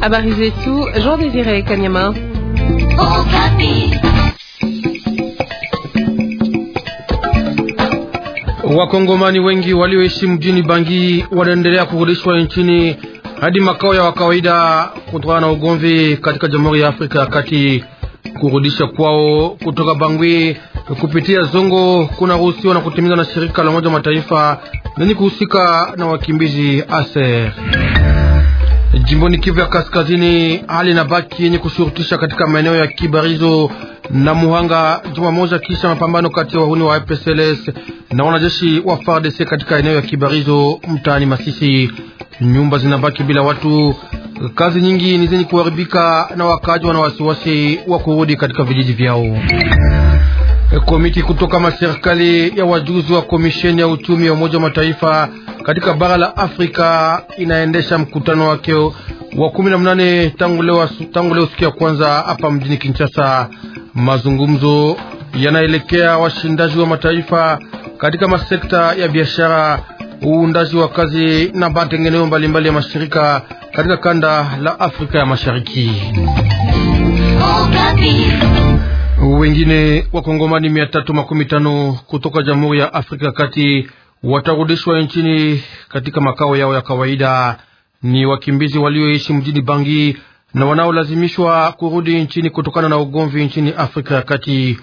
Habari zetu Jean Désiré Kanyama. Wakongomani wengi walioishi mjini Bangi wanaendelea kurudishwa nchini hadi makao ya kawaida kutokana na ugomvi katika Jamhuri ya Afrika ya Kati. Kurudisha kwao kutoka Bangui kupitia Zongo kuna ruhusiwa na kutimizwa na shirika la Umoja wa Mataifa nani kuhusika na wakimbizi aser jimboni Kivu ya Kaskazini. Hali na baki yenye kushurutisha katika maeneo ya Kibarizo na Muhanga juma moja kisha mapambano kati ya wahuni wa APCLS na wanajeshi wa FARDC katika eneo ya Kibarizo mtaani Masisi. Nyumba zinabaki bila watu, kazi nyingi ni zenye kuharibika, na wakaaji wana wasiwasi wa kurudi katika vijiji vyao. Komiti kutoka maserikali ya wajuzi wa komisheni ya uchumi ya Umoja wa Mataifa katika bara la Afrika inaendesha mkutano wake wa kumi na mnane tangu leo siku ya kwanza hapa mjini Kinshasa. Mazungumzo yanaelekea washindaji wa mataifa katika masekta ya biashara, uundaji wa kazi na matengenezo mbalimbali ya mashirika katika kanda la Afrika ya Mashariki. Oh, wengine wakongomani mia tatu makumi tano kutoka Jamhuri ya Afrika Kati watarudishwa nchini katika makao yao ya kawaida. Ni wakimbizi walioishi mjini Bangi na wanaolazimishwa kurudi nchini kutokana na ugomvi nchini Afrika ya Kati.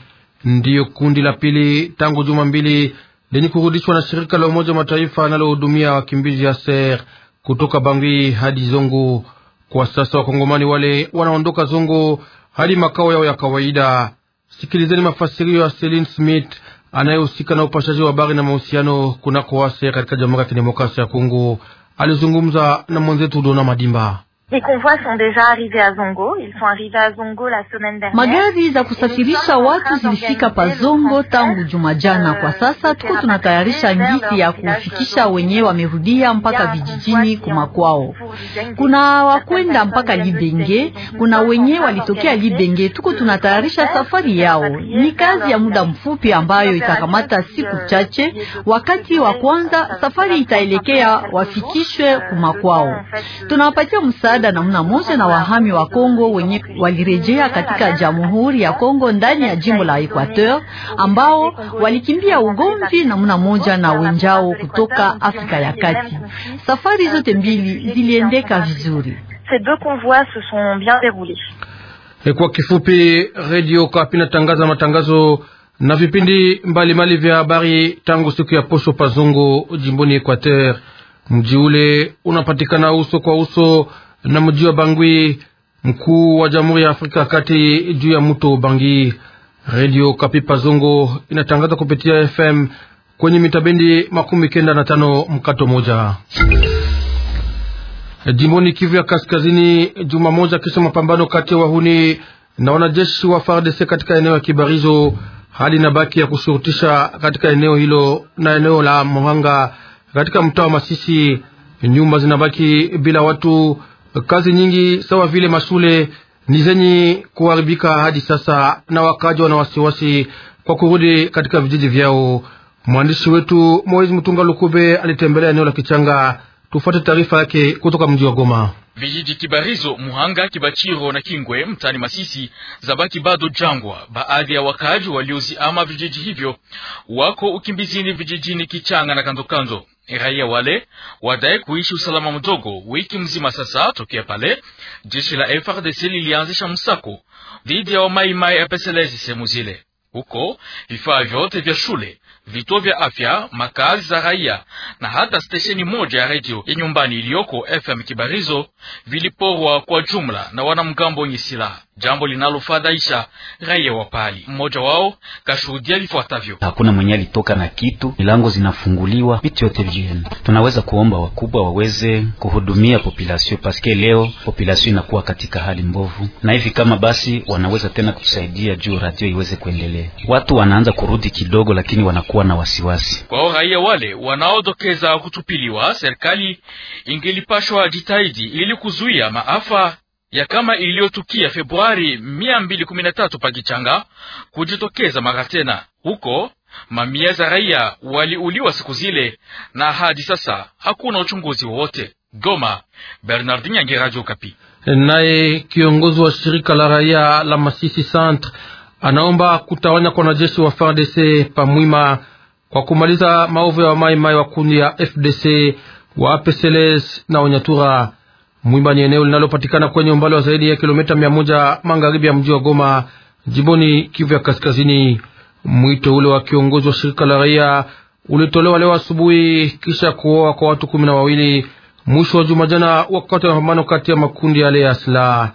Ndiyo kundi la pili tangu juma mbili lenye kurudishwa na shirika la Umoja Mataifa analohudumia wakimbizi ASER kutoka bangi hadi Zongo. Kwa sasa wakongomani wale wanaondoka Zongo hadi makao yao ya kawaida. Sikilizeni mafasirio ya Selin Smith anayehusika na upashaji wa habari na mahusiano kunako wase katika Jamhuri ya Kidemokrasia ya Kongo. Alizungumza na mwenzetu Dona Madimba. Les convois sont déjà arrivés à Zongo. Ils sont arrivés à Zongo la semaine dernière. Magari za kusafirisha watu zilifika pa Zongo tangu jumajana Kwa sasa tuko tunatayarisha ngisi ya kufikisha wenye wamerudia mpaka vijijini kumakwao. Kuna wakwenda mpaka Libenge, kuna wenye walitokea Libenge. Tuko tunatayarisha safari yao. Ni kazi ya muda mfupi ambayo itakamata siku chache. Wakati wa kwanza safari itaelekea wafikishwe kumakwao. Euh, Tunawapatia msaada msaada namna moja na wahami wa Kongo wenye walirejea katika Jamhuri ya Kongo ndani ya jimbo la Equateur ambao walikimbia ugomvi namna moja na wenjao kutoka Afrika ya Kati. Safari zote mbili ziliendeka vizuri. Ces deux convois se sont bien déroulés. Eh, kwa kifupi, Radio Kapi natangaza matangazo na vipindi mbalimbali vya habari tangu siku ya posho pazungu jimboni Equateur. Mji ule unapatikana uso kwa uso na mji wa Bangwi, mkuu wa Jamhuri ya Afrika ya Kati, juu ya mto Bangi. Redio Kapipa Zongo inatangaza kupitia FM kwenye mitabendi makumi kenda na tano mkato moja. Jimboni Kivu ya Kaskazini, juma moja kisha mapambano kati ya wahuni na wanajeshi wa FARDC katika eneo ya Kibarizo, hali na baki ya kushurutisha katika eneo hilo na eneo la Mohanga katika mtaa wa Masisi. Nyumba zinabaki bila watu Kazi nyingi sawa vile mashule ni zenye kuharibika hadi sasa, na wakaji wana wasiwasi kwa kurudi katika vijiji vyao. Mwandishi wetu Moiz Mtunga Lukube alitembelea eneo la Kichanga. Tufuate taarifa yake kutoka mji wa Goma. Vijiji Kibarizo, Muhanga, Kibachiro na Kingwe mtani Masisi zabaki bado jangwa. Baadhi ya wakaaji walioziama vijiji hivyo wako ukimbizini vijijini Kichanga na kandokando raia wale wadai kuishi usalama mdogo wiki mzima sasa, tokea pale jeshi la FRDC lilianzisha msako dhidi ya wamaimai apeselezi sehemu zile huko vifaa vyote vya shule, vituo vya afya, makazi za raia na hata stesheni moja ya redio ya nyumbani iliyoko FM Kibarizo viliporwa kwa jumla na wanamgambo wenye silaha jambo linalofadhaisha raia wa pali. Mmoja wao kashuhudia lifuatavyo: hakuna mwenye alitoka na kitu, milango zinafunguliwa, vitu yote vien. Tunaweza kuomba wakubwa waweze kuhudumia populasio, paske leo populasio inakuwa katika hali mbovu, na hivi kama basi wanaweza tena kutusaidia juu radio iweze kuendelea. Watu wanaanza kurudi kidogo, lakini wanakuwa na wasiwasi kwao. Raia wale wanaodokeza kutupiliwa, serikali ingelipashwa jitahidi ili kuzuia maafa ya kama iliyotukia Februari 213 pakichanga kujitokeza mara tena huko. Mamia za raia waliuliwa siku zile na hadi sasa hakuna uchunguzi wowote. Goma, Bernardin Yangi, Radio Kapi. Naye kiongozi wa shirika la raia la Masisi Centre anaomba kutawanya kwa wanajeshi wa FARDC pamwima kwa kumaliza maovu ya wamaimai wa kundi ya FDC wa APCLS na Onyatura. Mwimba ni eneo linalopatikana kwenye umbali wa zaidi ya kilomita mia moja magharibi ya mji wa Goma, jimboni Kivu ya Kaskazini. Mwito ule wa kiongozi wa shirika la raia ulitolewa leo asubuhi kisha kuoa kwa watu kumi na wawili mwisho wa Jumajana wakati wa mapambano kati ya makundi yale ya silaha.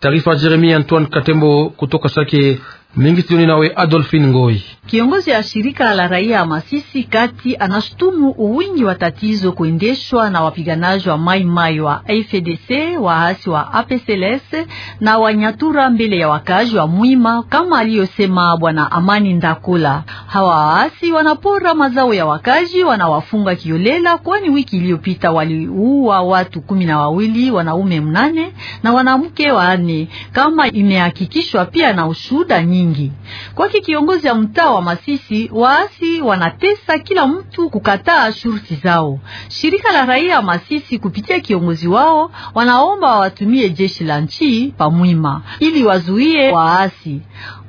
Taarifa Jeremia Antoine Katembo kutoka Sake. Mengi sioni nawe Adolfin Ngoi, kiongozi ya shirika la raia ya Masisi kati, anashutumu uwingi wa tatizo kuendeshwa na wapiganaji wa maimai wa FDC, waasi wa APCLS na wanyatura mbele ya wakazi wa Mwima, kama aliyosema bwana Amani Ndakula. Hawa waasi wanapora mazao ya wakazi, wanawafunga kiolela, kwani wiki iliyopita waliua watu kumi na wawili, wanaume mnane na wanamke wanne, kama imehakikishwa pia na ushuda nyingi mingi. Kwake kiongozi ya mtaa wa Masisi, waasi wanatesa kila mtu kukataa shurti zao. Shirika la raia wa Masisi kupitia kiongozi wao wanaomba wawatumie jeshi la nchi pamwima ili wazuie waasi,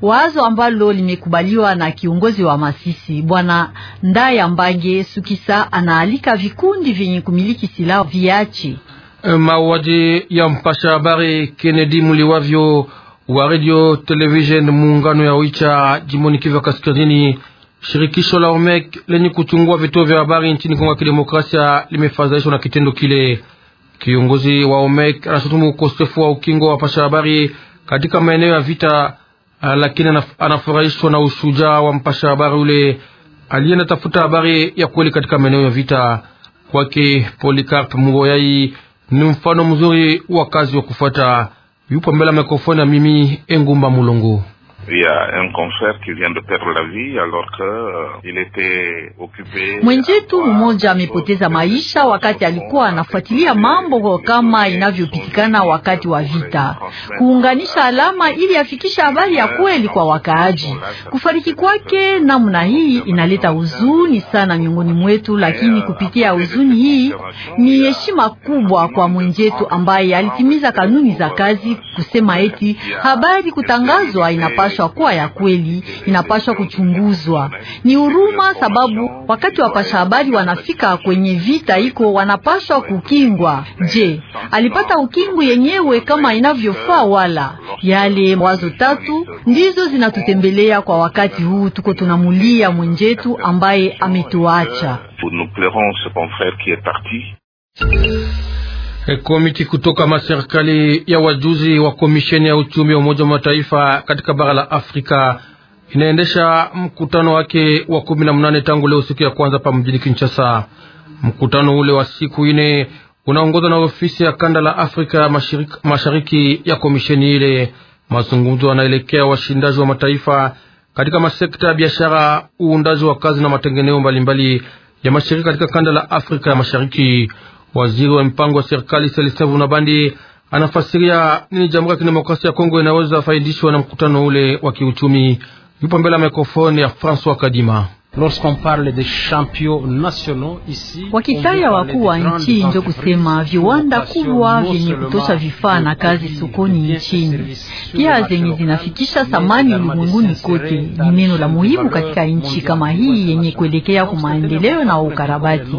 wazo ambalo limekubaliwa na kiongozi wa Masisi Bwana Ndaya Mbage Sukisa. Anaalika vikundi vyenye kumiliki silaha viache mauaji ya mpasha habari Kennedy Muliwavyo wa radio television muungano ya Wicha jimboni Kivu Kaskazini. Shirikisho la OMEC lenye kuchungua vituo vya habari nchini Kongo ya Kidemokrasia limefadhaishwa na kitendo kile. Kiongozi wa OMEC anashutumu ukosefu wa ukingo wa pasha habari katika maeneo ya vita, ah, lakini anafurahishwa na ushujaa wa mpasha habari ule alienda tafuta habari ya kweli katika maeneo ya vita. Kwake Polycarp Mugoyai ni mfano mzuri wa kazi wa kufuata yupo mbele ya mikrofoni ya mimi Engumba Mulongo. Il un confrère qui vient de perdre la vie alors que uh, il était occupé. Mwenzetu mmoja amepoteza maisha wakati alikuwa anafuatilia mambo kama inavyopitikana wakati wa vita, kuunganisha alama ili afikishe habari ya kweli kwa wakaaji. Kufariki kwake namna hii inaleta huzuni sana miongoni mwetu, lakini kupitia huzuni hii ni heshima kubwa kwa mwenzetu ambaye alitimiza kanuni za kazi, kusema eti habari kutangazwa inapaswa inapashwa kuwa ya kweli, inapashwa kuchunguzwa. Ni huruma, sababu wakati wapasha habari wanafika kwenye vita iko, wanapashwa kukingwa. Je, alipata ukingu yenyewe kama inavyofaa? Wala yale wazo tatu ndizo zinatutembelea kwa wakati huu, tuko tunamulia mwenjetu ambaye ametuacha. E, komiti kutoka maserikali ya wajuzi wa komisheni ya uchumi wa Umoja wa Mataifa katika bara la Afrika inaendesha mkutano wake wa kumi na mnane tangu leo siku ya kwanza pa mjini Kinshasa. Mkutano ule wa siku ine unaongozwa na ofisi ya kanda la Afrika mashariki, mashariki ya komisheni ile. Mazungumzo yanaelekea washindaji wa mataifa katika masekta ya biashara, uundaji wa kazi na matengeneo mbalimbali ya mashirika katika kanda la Afrika ya mashariki. Waziri wa mpango wa serikali Celestin Vunabandi anafasiria nini Jamhuri ya Kidemokrasia ya Kongo inaweza faidishwa na mkutano ule wa kiuchumi. Yupo mbele ya mikrofoni ya François Kadima. Wakitaya wakuu wa nchi njo kusema viwanda kubwa vyenye kutosha vifaa na kazi sokoni nchini, pia zenye zinafikisha thamani ulimwenguni kote, ni neno la muhimu katika nchi kama hii yenye kuelekea kwa maendeleo na ukarabati.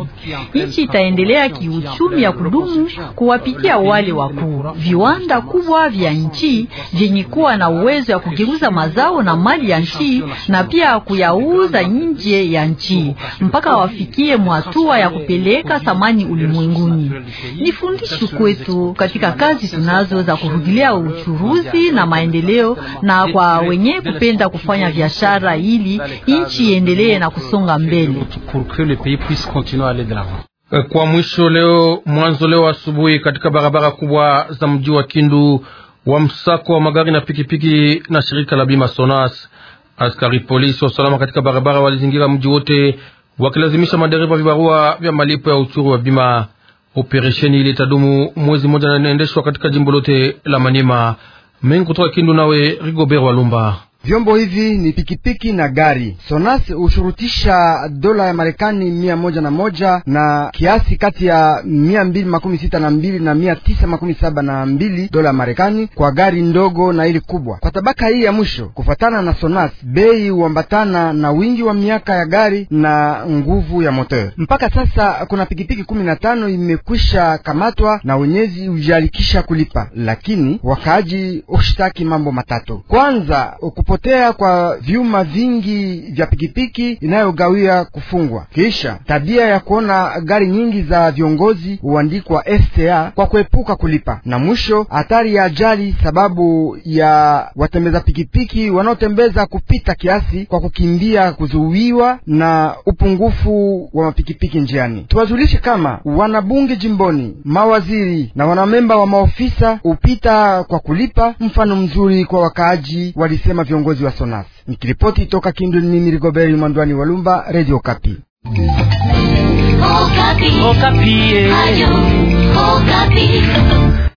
Nchi itaendelea kiuchumi ya kudumu kuwapitia wale wakuu viwanda kubwa vya nchi vyenye kuwa na uwezo ya kugeuza mazao na mali ya nchi na pia kuyauza nchi nje ya nchi mpaka wafikie mwatua ya kupeleka samani ulimwenguni. Ni fundisho kwetu katika kazi tunazo za kurudilia uchuruzi na maendeleo, na kwa wenye kupenda kufanya biashara ili nchi iendelee na kusonga mbele. Kwa mwisho leo mwanzo leo asubuhi katika barabara kubwa za mji wa Kindu wa msako wa magari na pikipiki na shirika la bima Sonas Askari polisi wa usalama katika barabara walizingira mji wote wakilazimisha madereva vibarua vya malipo ya uchuru wa bima. Operesheni ile tadumu mwezi mmoja na inaendeshwa katika jimbo lote la Maniema. Mengi kutoka Kindu, nawe Rigobert Walumba. Vyombo hivi ni pikipiki na gari. Sonas hushurutisha dola ya Marekani mia moja na moja na kiasi kati ya mia mbili makumi sita na mbili na mia tisa makumi saba na mbili dola ya Marekani kwa gari ndogo na ili kubwa. Kwa tabaka hii ya mwisho, kufatana na Sonas, bei huambatana na wingi wa miaka ya gari na nguvu ya moteur. Mpaka sasa kuna pikipiki kumi na tano imekwisha kamatwa na wenyezi hujalikisha kulipa, lakini wakaaji hushtaki mambo matatu. Kwanza, kupotea kwa vyuma vingi vya pikipiki inayogawia kufungwa, kisha tabia ya kuona gari nyingi za viongozi huandikwa STA kwa kuepuka kulipa, na mwisho hatari ya ajali sababu ya watembeza pikipiki wanaotembeza kupita kiasi kwa kukimbia kuzuiwa na upungufu wa mapikipiki njiani. Tuwazulishe kama wanabunge jimboni, mawaziri na wanamemba wa maofisa hupita kwa kulipa, mfano mzuri kwa wakaaji, walisema viongozi kiongozi wa SONAS. Nikiripoti toka Kindu, mimi Rigoberi Mwandwani wa Lumba, Radio Kapi. Okapi. Okapi. Ayo, Okapi.